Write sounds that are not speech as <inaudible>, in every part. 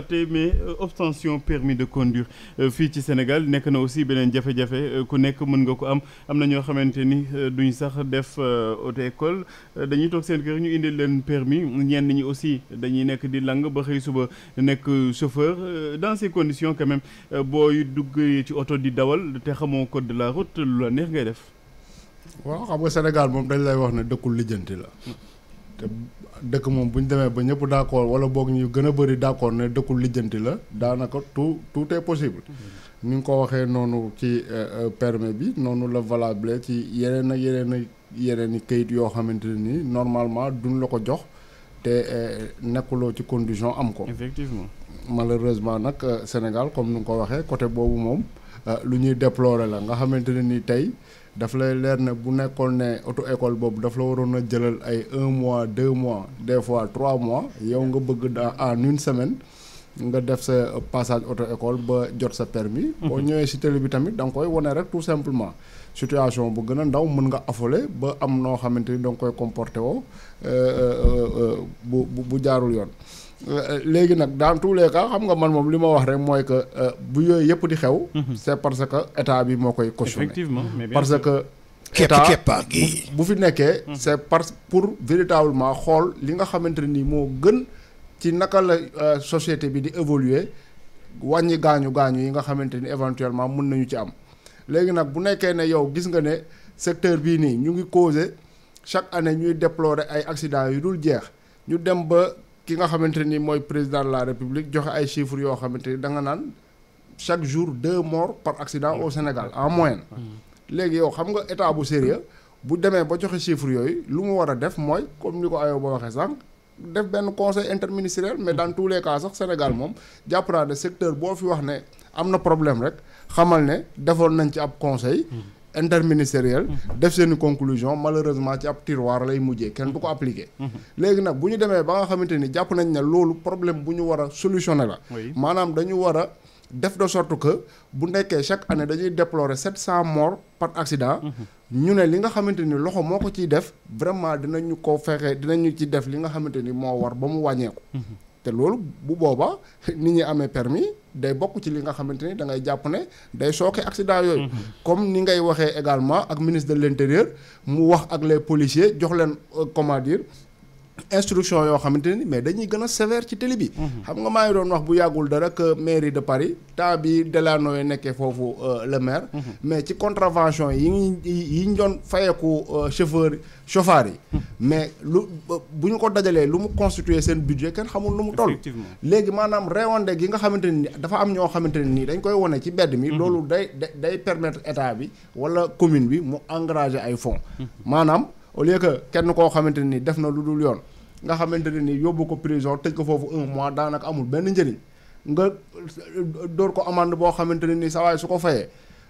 tey mais euh, obtention permis de conduire euh, fii ci Sénégal nekk na aussi beneen jafe-jafe euh, ku nekk mën nga ko am am na ñoo xamante ni duñ sax def auto école dañuy toog seen kër ñu indi leen permis ñenn ñi aussi dañuy nekk di lang ba xëy suba nekk chauffeur dans ces conditions quand même booy dugg ci oto di dawal te xamoo code de la route lu la neex ngay def waaw xam nga Sénégal dañ lay wax ne dëkkul lijjanti la te dëkk moom bu ñu demee ba ñëpp d'accord wala boog ñu gën a bëri d'accord ne dëkkul lijjanti la daanaka tout tout est possible. nu nga ko waxee noonu ci euh, euh, permis bi noonu la valable ci yeneen ak yeneen ak yeneen i kayit yoo xamante ne nii normalement duñ la ko jox te euh, nekkuloo ci condition am ko. effectivement malheureusement nag Sénégal comme nu nga ko waxee côté boobu moom lu ñuy déplorer la nga xamante ne tey. daf lay leer ne bu nekkoon ne auto école boobu daf la waroon a jëlal ay un mois deux mois des fois trois mois yow nga bëgg daa en une semaine nga def sa passage auto école ba jot sa permis mhm. boo ñëwee si télé bi tamit da nga koy wane rek tout simplement situation bu gën a ndaw mën nga afole ba am noo xamante ni da nga koy comporté wo euh, euh, euh, bu bu jaarul yoon léegi nag dans tous les cas xam nga man moom li ma wax rek mooy que euh, bu yooyu yëpp di xew. Mhm. c'est parce que état bi moo koy cautionné. mais bien parce que. état keppa gi bu fi nekkee. Mhm. c'est parce pour véritablement xool li nga xamante ni moo gën ci naka la euh, société bi di évoluer wàññi gaañu gaañu yi nga xamante ni éventuellement mun nañu ci am. léegi nag bu nekkee ne yow gis nga ne secteur bii nii ñu ngi causer chaque année ñuy déplorer ay accidents yu dul jeex ñu dem ba. ki nga xamante ni mooy président de la république joxe ay chiffres yoo xamante ni da nga naan chaque jour deux morts par accident au Sénégal en moyen léegi yow xam nga état bu sérieux bu demee ba joxe chiffres yooyu lu mu war a def mooy comme ni ko ayoo ba waxee sànq def benn conseil interministériel mais dans tous les cas sax Sénégal moom jàpp naa ne secteur boo fi wax ne am na problème rek xamal ne defoon nañ ci ab conseil. interministériel. def seen conclusion malheureusement ci ab tiroir lay mujjee kenn du ko appliqué. léegi nag bu ñu demee ba nga xamante ni jàpp nañ ne loolu problème bu ñu war a solutionné la. maanaam dañu war a def de sorte que bu nekkee chaque année dañuy déplorer 700 morts par accident. ñu ne li nga xamante ni loxo moo ko ciy def vraiment ñu ko fexe ñu ci def li nga xamante ni moo war ba mu wàññeeku. te loolu bu boobaa nit ñi amee permis day bokk ci li nga xamante ni da ngay jàpp ne day sooke accident yooyu. Mm-hmm. comme ni ngay waxee également ak ministre de l'intérieur mu wax ak les policiers jox leen euh, comment instruction yoo xamante ni mais dañuy gën a sévère ci télé bi. Mhm. xam nga maa ngi doon wax bu yàggul dara que mairie de Paris temps bi Delano yi nekkee foofu euh, le maire. Mhm. mais ci contravention yi ñu yi ñu doon fayeku euh, chauffeur chauffard yi. Mhm. mais lu bu ñu ko dajalee lu mu constituer seen budget kenn xamul lu mu toll. léegi maanaam réewande gi nga xamante ni dafa am ñoo xamante ne nii dañ koy wane ci bedd mi. loolu day day permettre état bi wala commune bi mu engager ay fonds au lieu que kenn koo xamante ne ni def na lu dul yoon nga xamante ne ni yóbbu ko prison tëj ko foofu un mois daanaka amul benn njëriñ nga door ko amande boo xamante ne ni saa su ko fayee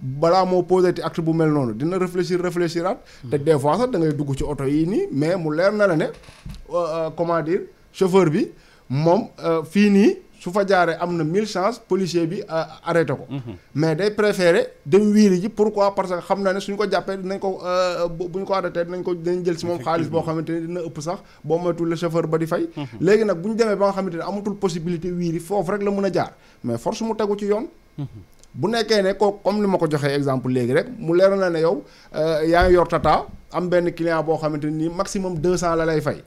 balaa moo posé ti bu mel noonu dina réfléchir réfléchiraat. Hmm. te des fois sax da ngay dugg ci oto yii nii mais mu leer na la ne euh, euh, comment dire chauffeur bi moom euh, fii nii. su fa jaaree am na mille chance policier bi euh, arrêté ko. mais day préféré dem wiiri ji pourquoi parce que xam na ne suñ ko jàppee dinañ ko euh, bu ko arrêté dinañ ko dinañ jël si moom xaalis boo xamante ne dina ëpp sax boo moytuwul le chauffeur ba di fay. léegi nag bu ñu demee ba nga xamante ne amatul possibilité wiiri foofu rek la mën a jaar mais force mu tegu ci yoon. bu nekkee ne ko comme ni ma ko joxee exemple léegi rek mu leer na ne yow euh, yaa ngi yor tata am benn client boo xamante ni maximum deux cent la lay fay.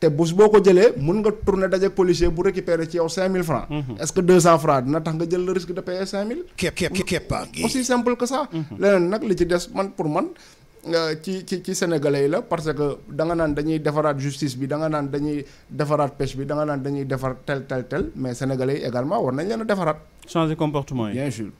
te bés boo ko jëlee mun nga tourner dajeeg policier bu récupérer ci yow 5000 francs mhm. est-ce que 200 francs dina tax nga jël le risque de payer 5000. képp képp képp aussi simple que mhm. nag li ci des man pour man. Euh, ci ci ci sénégalais la parce que da nga naan dañuy defaraat justice bi da nga naan dañuy defaraat pêche bi da nga naan dañuy defar tel tel tel mais sénégalais yi également war nañ leen a defaraat. changer comportement yi bien sûr.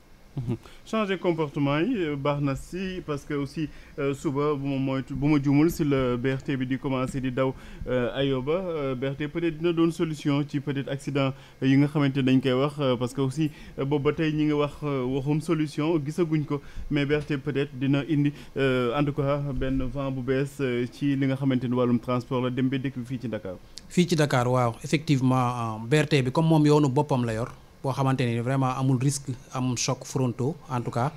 <laughs> changer comportement yi euh, baax na si parce que aussi euh, suba bu ma moytu bu ma jumul si la BRT bi di commencer di daw euh, ayoba ba peut-être dina doon solution ci peut-être accident yi nga xamante dañ koy wax parce que aussi boobu ba tey ñi ngi wax waxum solution gisaguñ ko mais BRT peut-être dina indi en tout cas benn vent bu bees ci li nga xamante ni wàllum transport la dem ba dëkk fii ci Dakar. fii ci ndakaar waaw effectivement BRT bi comme moom yoonu boppam la yor. boo xamante ne vraiment amul risque am choc frontaux en tout cas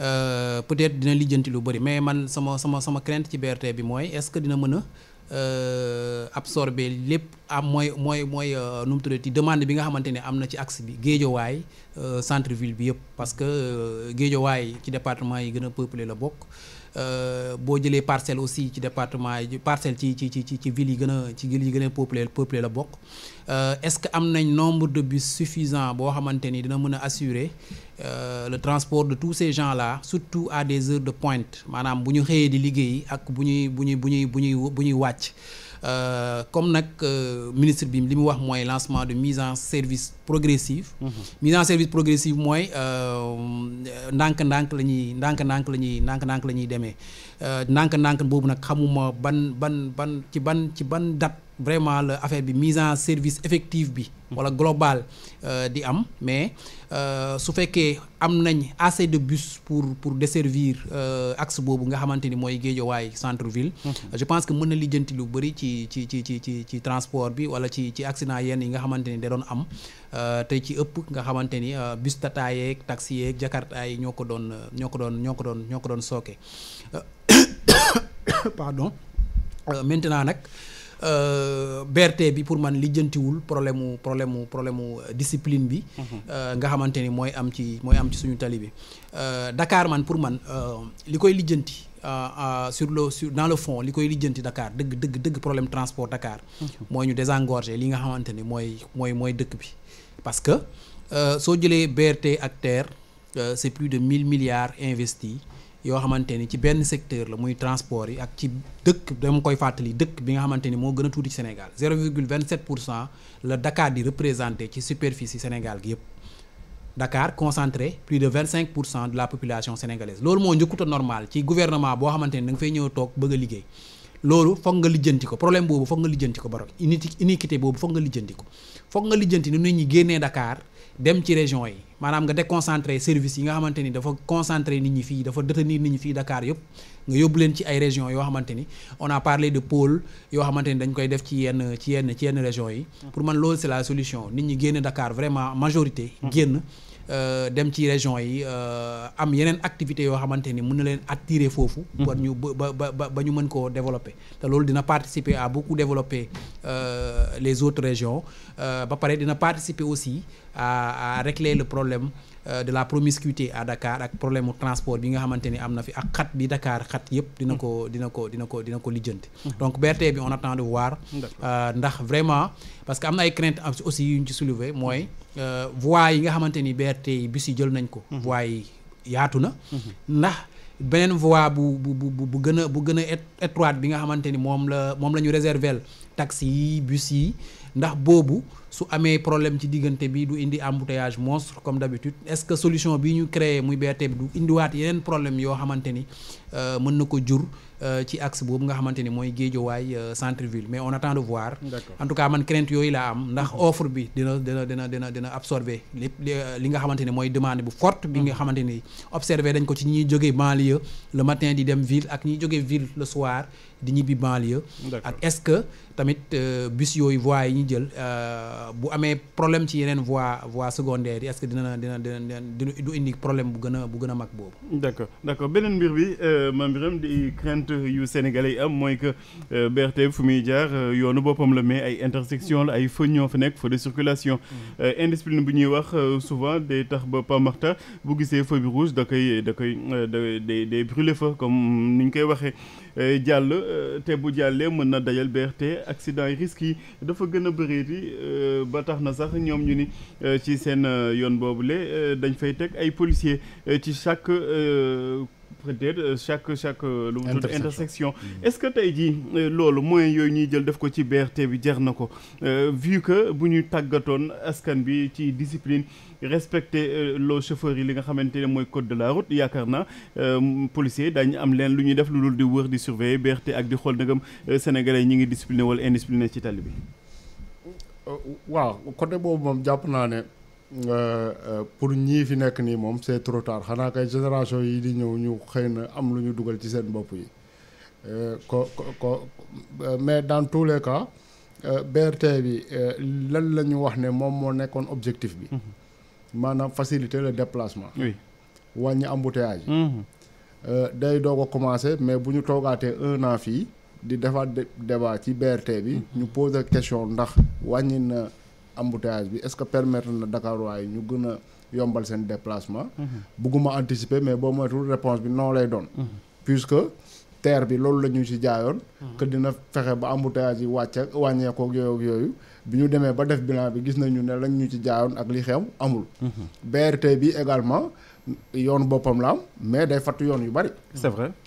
euh, peut-être dina lijjanti lu bëri mais man sama sama sama crainte ci BRT bi mooy est-ce que dina mën a euh, absorber lépp am ah, mooy mooy mooy euh, nu mu tuddati demande bi nga xamante ni am na ci axe bi géejowaay centre ville bi yëpp parce que géejowaay ci département yi gën a peuplé la bokk. Euh, boo jëlee parcelle aussi ci département yi parcelle ci ci ci ci ci ville yi gën a ci ville yi gën a peuplé peuplé la bokk euh, est-ce que am nañ nombre de bus suffisant boo xamante ni dina mën a assurer euh, le transport de tous ces gens-là surtout à des heures de pointe maanaam bu ñu xëyee di liggéey ak bu ñuy bu ñuy bu ñuy bu ñuy bu ñuy wàcc Euh, comme nag euh, ministre bi li mu wax mooy lancement de mise en service progressive. Mhm. mise en service progressive mooy euh, ndànk-ndànk la ñuy ndànk-ndànk la ñuy ndànk-ndànk la ñuy demee ndànk-ndànk boobu nag xamuma ban ban ban ci ban ci ban date. vraiment la affaire bi mise en service effective bi wala global euh, di am mais euh, su fekkee am nañ assez de bus pour pour desservir euh, axe boobu nga xamante ni mooy Guédiawaye centre ville mm-hmm. je pense que mën na lijjanti lu bëri ci ci ci ci ci ci transport bi wala ci ci accident yenn yi nga xamante ni da doon am tey ci ëpp nga xamante ni bus Tata yeeg taxi yeeg Jakarta yi ñoo ko doon ñoo ko doon ñoo ko doon ñoo ko doon sooke <coughs> <coughs> pardon maintenant nag Euh, BRT bi pour man lijjantiwul problème mu problème mu problème mu euh, discipline bi. Mhm. Euh, nga xamante ni mooy am ci mooy am ci suñu tali bi. dakaar man pour man li koy lijjanti sur le sur dans le fond li koy lijjanti dakaar dëgg dëgg dëgg problème transport Dakar. mooy ñu désengorger li nga xamante ni mooy mooy mooy dëkk bi. parce que soo jëlee BRT ak TER c'est plus de mille milliards investis. yoo xamante ni ci benn secteur la muy transport yi ak ci dëkk dama koy fàttali dëkk bi nga xamante ni moo gën a tuuti ci Sénégal 0,27 pour cent la Dakar di représenté ci superficie Sénégal gi yëpp Dakar concentré plus de 25 pour cent de la population sénégalaise loolu moo njëkkuta normal ci gouvernement boo xamante ni da nga fay ñëw toog bëgg a liggéey loolu foog nga lijjanti ko problème boobu foog nga lijjanti ko barok iniquité boobu foog nga lijjanti ko foog nga lijjanti ni nit ñi génnee Dakar dem ci région yi maanaam nga déconcentré service yi nga xamante ni dafa concentré nit ñi fii dafa détenir nit ñi fii Dakar yëpp nga yóbbu leen ci ay régions yoo xamante ni on a parlé de pôle yoo xamante ni dañ koy def ci yenn ci yenn ci yenn régions yi. Mm. pour man loolu c'est la solution nit ñi génn Dakar vraiment majorité. Mm. génn. Euh, dem ci région yi euh, am yeneen activités yoo xamante ni mun na leen attirer foofu. pour mm-hmm. ñu ba ba ba ñu mën koo développer te loolu dina participer à beaucoup développer euh, les autres régions ba pare dina participer aussi a à régler le problème. de la promiscuité à Dakar ak problème mu transport bi nga xamante ni am na fi ak xat bi Dakar xat yëpp. dina ko mm-hmm. dina ko dina ko dina ko lijjanti. Mm-hmm. donc BRT bi on attend de voir. ndax vraiment parce que am na ay craintes aussi yu ñu ci soulever mooy. Euh, voies yi nga xamante ni BRT yi bis yi jël nañ ko. Mhm. voies yaatu na. Mhm. ndax beneen voie bu bu bu bu gën a bu gën a étroite bi nga xamante ni moom la moom la ñu réserver taxi yi bus yi ndax boobu su amee problème ci diggante bi du indi embouteillage monstre comme d'habitude est-ce que solution bi ñu créé muy BRT du indiwaat yeneen problème yoo xamante ni euh, mën na ko jur. Euh, ci axe boobu nga xamante ni mooy Guédiawaye euh, centre ville mais on attend voir en man crainte yooyu laa am ndax mhm. offre bi dina dina dina dina euh, li nga xamante ni mooy demande bu fort bi nga mhm. xamante ni observé dañ ko ci ñuy jógee banlieue le matin di dem ville ak ñuy jógee ville le soir di ñibbi banlieue ak est-ce que tamit bus yooyu voies yi ñu jël bu amee problème ci yeneen voies voies secondaires yi est-ce que dina dina dina du indi problème bu gën a bu gën a mag boobu yu sénégalais yi am mooy que euh, BRT fu muy jaar euh, yoonu boppam la mais ay intersection la ay feu fa nekk feu de circulation mm. euh, indiscipline bu ñuy wax souvent day tax ba pamarta bu gisee feu bi rouge da koy da koy day day brûler fa comme ni ñu koy waxee jàll te bu jàllee mën na dajal BRT accident yi risques yi dafa gën a bëreeti ba tax na sax ñoom ñu ni ci seen yoon boobule dañ fay teg ay policiers ci chaque peut-être chaque chaque lu mu tudd intersection mm. est-ce que tey ji euh, loolu moyens yooyu ñuy jël def ko ci BRT bi jar na ko euh, vu que bu ñuy tàggatoon askan bi ci discipline respecte euh, loo chauffeurs yi li nga xamante ne mooy code de la route yaakaar na policiers daañu am leen lu ñuy def lu dul di wër di surveiller BRT ak di xool ndegam sénégalais ñi ngi discipliné wala indiscipliné ci tali bi waaw côté boobu moom jàpp naa ne Euh, pour ñii fi nekk nii moom c'est trop xanaa kay génération yi di ñëw ñu xëy na am lu ñu dugal ci seen bopp yi euh, ko ko euh, mais dans tous les cas BRT bi lan lañu wax ne moom moo nekkoon objectif bi mhm. maanaam faciliter le déplacement wàññi embouteillage mhm. day doog a commencé mais bu ñu toogaatee un fii di defaat débat ci BRT bi mhm. ñu poser question ndax wàññi na embouteillage bi est-ce que permettre na Dakar waaye ñu gën yombal seen déplacement. Mhm. bugguma anticiper mais boo moytuwul réponse bi non lay doon. Mhm. puisque terre bi loolu la ñu ci jaayoon. Mhm. que dina fexe ba embouteillage yi wàcc ak wàññeekoo ak yooyu ak bi ñu demee ba def bilan bi gis nañu ne lañ ñu ci jaayoon ak li xew amul. BRT bi également yoon boppam la am mais day fatt yoon yu bari.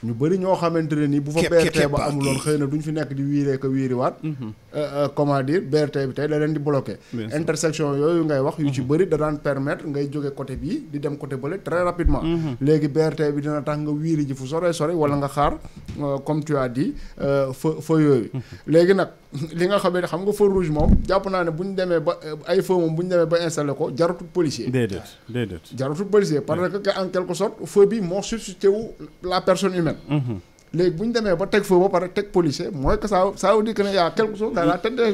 ñu bëri ñoo xamante ne ni bu fa BRT ba amuloon xëy na duñ fi nekk di wiiree wiiriwaat mhm. euh, euh, comment dire bi tey da leen di bloqué intersection yooyu ngay wax yu ci mhm. bëri da daan permettre ngay jóge côté bii di dem côté bële très rapidement mhm. léegi BRT bi dina tax nga wiiri ji fu sore sore wala nga xaar euh, comme tu as dit fa yooyu léegi nag li nga xamee ne xam nga feu rouge moom jàpp naa ne bu ñu demee ba ay feu moom bu demee ba installé ko jaratul policier déedéet déedéet jaratul policier parce la personne humaine. léegi bu ñu demee ba teg foofu ba pare teg policier mooy que ça ça veut dire que ne y' a quelque chose à la tête des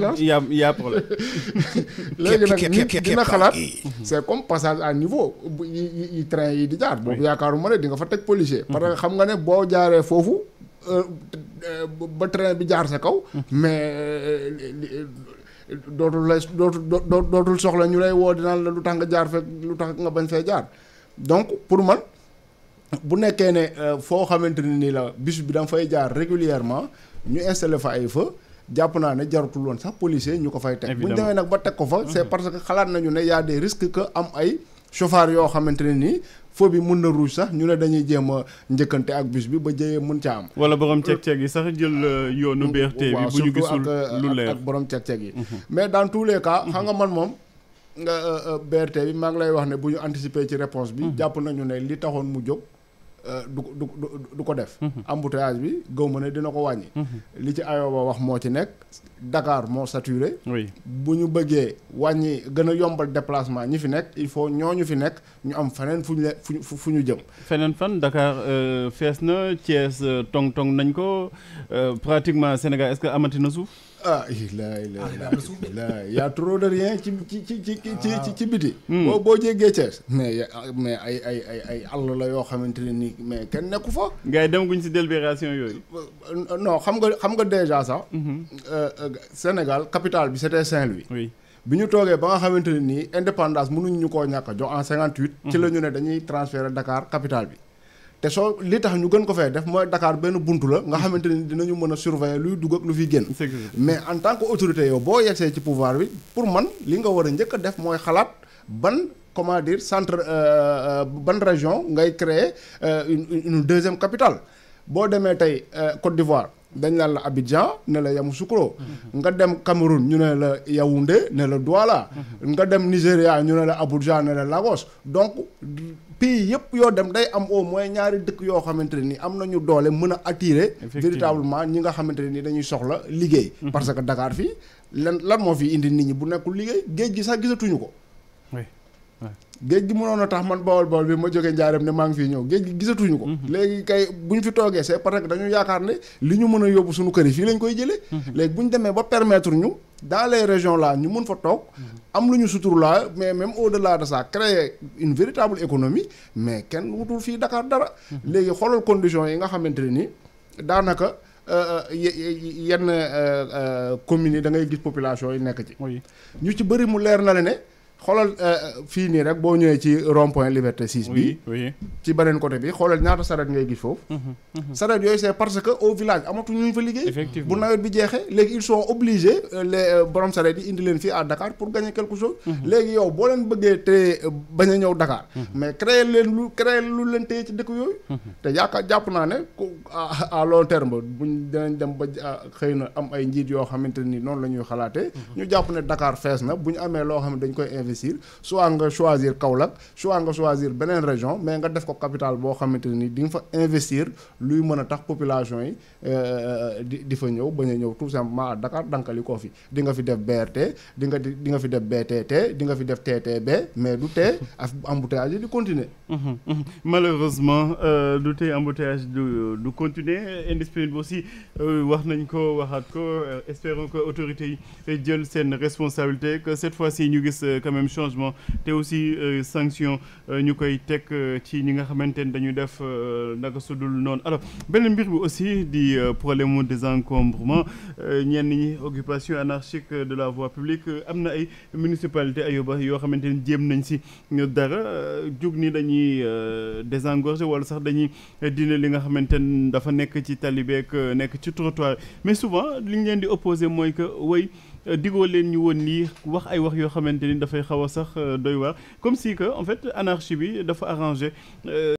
problème. <laughs> léegi dina xalaat. c' comme passage à niveau yi train yi di jaar. boobu yaakaaruma ne di nga fa teg policier. parce que xam nga ne boo jaaree foofu euh, ba train bi jaar sa kaw. mais euh, dootul lay dootul dootul soxla ñu lay woo dinaan la lu tax nga jaar fekk lu tax nga bañ fee jaar donc pour man. bu nekkee ne euh, foo xamante ni nii la bus bi danga fay jaar régulièrement ñu installé fa ay feu jàpp naa ne jarutul woon sax policier ñu ko fay teg bu ñu demee ba teg ko fa mhm. c'est parce que xalaat nañu ne des risques am ay chauffeur yoo xamante ne nii foo bi mun na rouge sax ñu ne dañuy jéem a njëkkante ak bus bi ba jëyee mun ca am wala borom ceeg-ceeg yi sax jël euh, yoonu BRT bi bu ñu gisul lu leer ak borom ceeg-ceeg yi mhm. mais dans tous les cas xam nga mhm. man moom euh, BRT bi maa ngi lay wax ne bu ñu anticiper ci réponse bi jàpp nañu ne li taxoon mu jóg Euh, du du du ko def. Mhm. embouteillage bi gëw ma ne dina ko wàññi. Mhm. li ci Ayoba wax moo ci nekk dakaar moo saturé. oui bu ñu bëggee wàññi gën a yombal déplacement ñi fi nekk il faut ñoo ñu fi nekk ñu am feneen fu ñu leen fu ñu jëm. feneen fan Dakar euh, fees na Thiès euh, tong tong nañ ko pratiquement Sénégal est-ce que amati na suuf. Ah, ah la la y' a trop de rien ci ci ci ci ci ci ah. biti. Hmm. boo boo jéggee Thiès. mais mais ay ay ay ay àll la yoo xamante ne nii mais kenn nekku fa. ngay dem guñ si délibération yooyu. non xam nga xam nga déjà sax. Mhm. Euh, euh, Sénégal capital bi c'était Saint-Louis. oui bi ñu toogee ba nga xamante ne nii indépendance mënuñ ñu koo ñàkk a jox en 58. Mhm. ci la ñu ne dañuy transférer Dakar capital bi. te soo li tax ñu gën ko fee def mooy Dakar benn buntu la nga xamante ni dinañu mën a surveiller luy dugg ak lu fi génn mais en tant que autorité yow boo yegsee ci pouvoir bi pour man li nga war a njëkk a def mooy xalaat ban comment dire centre euh, euh, ban région ngay créer euh, une une deuxième capitale boo demee tey Côte d'Ivoire dañ naan la Abidjan ne la Yamoussoukro mm-hmm. nga dem Cameroun ñu ne la Yaoundé ne la Douala mm-hmm. nga dem Nigéria ñu ne la Abuja ne la Lagos donc pays yëpp yoo dem day am au moins ñaari dëkk yoo xamante ne ni am nañu doole mën a attirer véritablement ñi nga xamante ne ni dañuy soxla liggéey mhm. parce que Dakar fii lan lan moo fi indi nit ñi bu nekkul liggéey géej gi sax gisatuñu ko géej gi mënoon a tax man bawol bawol bi ma jógee njaareem ne maa ngi fii ñëw géej gi gisatuñu ko mhm. léegi kay bu ñu fi toogee c'est parce que dañu yaakaar ne li ñu mën a yóbbu suñu kër yi fii lañ koy jëlee mhm. léegi bu ñu demee ba permetre ñu dans les régions là ñu mën fa toog mhm. am lu ñu sutur là mais même au delà de ça créer une véritable économie mais kenn wutul fii Dakar dara léegi xoolal conditions yi nga xamante ne ni daanaka euh, euh, yenn euh, communes yi da ngay gis population yi nekk ci ñu ci bëri mu leer na la ne xoolal euh, fii nii rek boo ñëwee ci rond point liberté 6 bi ci beneen côté bi xoolal ñaata saret ngay gis foofu saret mhm, mhm. yooyu c'est parce que au village amatuñ ñu fa liggéey effectivement bu nawet bi jeexee léegi ils sont obligés euh, les euh, borom saret yi indi leen fii à Dakar pour gagner quelque chose mhm. léegi yow boo leen bëggee te bañ a ñëw Dakar mais créer leen lu créer lu leen téye ci dëkk yooyu te yaakaar jàpp naa ne à long terme bu buñ dinañ dem ba xëy na am ay njiit yoo xamante ni noonu la ñuy xalaatee ñu jàpp ne Dakar fees na bu ñu amee loo xam ne dañ koy investir investir soit nga choisir Kaolack soit nga choisir beneen région mais nga def ko capital boo xamante ni di nga fa investir luy mën a tax population yi euh, euh, di di fa ñëw bañ a ñëw tout simplement à Dakar dankali koo fi di nga fi def BRT di nga di nga fi def BTT di nga fi def TTB mais du tee af embouteillage yi mhm, mhm. Euh, du continuer indisponible bi aussi wax nañ ko waxaat ko espérons que autorités yi jël seen responsabilité que cette fois-ci ñu gis quand même même changement te aussi euh, sanction euh, ñu koy teg euh, ci ñi nga xamante ni dañu def naka sudul noonu alors beneen mbir bi aussi di problème mu désencombrement ñenn ñi occupation anarchique de la voie publique am na ay municipalité ayoba yoo xamante ni jéem nañ si dara jug ni dañuy désengorger wala sax dañuy dina li nga xamante ni dafa nekk ci talibeek nekk ci trottoir mais souvent li ñu leen di opposé mooy que way Euh, digoo leen ñu woon lii wax ay wax yoo xamante ni dafay xaw a sax euh, doy waar comme si que en fait anarchie bi dafa arrangé euh,